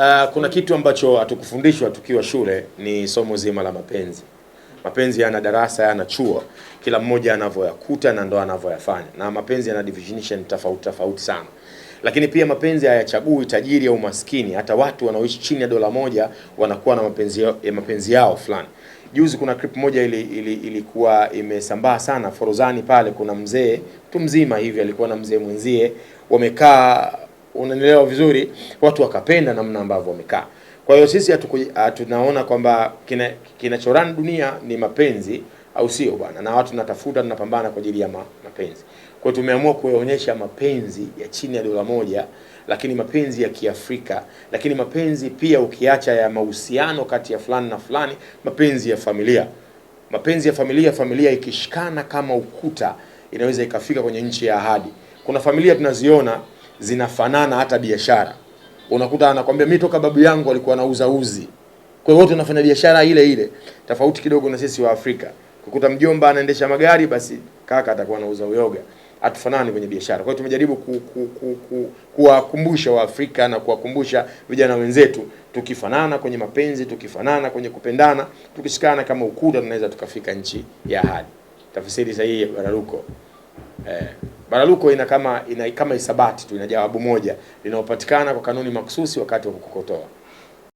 Uh, kuna kitu ambacho hatukufundishwa tukiwa shule ni somo zima la mapenzi. Mapenzi yana darasa, yana chuo, kila mmoja anavyoyakuta na ndo anavyoyafanya, na mapenzi yana definition tofauti tofauti sana, lakini pia mapenzi hayachagui tajiri au maskini. Hata watu wanaoishi chini ya dola moja wanakuwa na mapenzi yao, ya mapenzi yao fulani. Juzi kuna clip moja ili, ili, ilikuwa imesambaa sana Forozani pale, kuna mzee mtu mzima hivi alikuwa na mzee mwenzie wamekaa unaelewa vizuri, watu wakapenda namna ambavyo wamekaa. Kwa hiyo sisi hatunaona kwamba kinachorani kina dunia ni mapenzi, au sio bwana? Na watu tunatafuta tunapambana kwa ajili ya ma, mapenzi. Kwa hiyo tumeamua kuyaonyesha mapenzi ya chini ya dola moja, lakini mapenzi ya Kiafrika, lakini mapenzi pia ukiacha ya mahusiano kati ya fulani na fulani, mapenzi ya familia, mapenzi ya familia, familia ikishikana kama ukuta inaweza ikafika kwenye nchi ya ahadi. Kuna familia tunaziona zinafanana hata biashara. Unakuta anakwambia mimi toka babu yangu alikuwa anauza uzi. Kwa hiyo wote unafanya biashara ile ile. Tofauti kidogo na sisi wa Afrika. Kukuta mjomba anaendesha magari basi kaka atakuwa anauza uyoga. Hatufanani kwenye biashara. Kwa hiyo tumejaribu kuwakumbusha ku, ku, ku, Waafrika na kuwakumbusha vijana wenzetu tukifanana kwenye mapenzi, tukifanana kwenye kupendana, tukishikana kama ukuta tunaweza tukafika nchi ya ahadi. Tafsiri sahihi ya bararuko. Eh. Baraluko ina kama ina kama isabati tu, ina jawabu moja linalopatikana kwa kanuni maksusi wakati wa kukokotoa.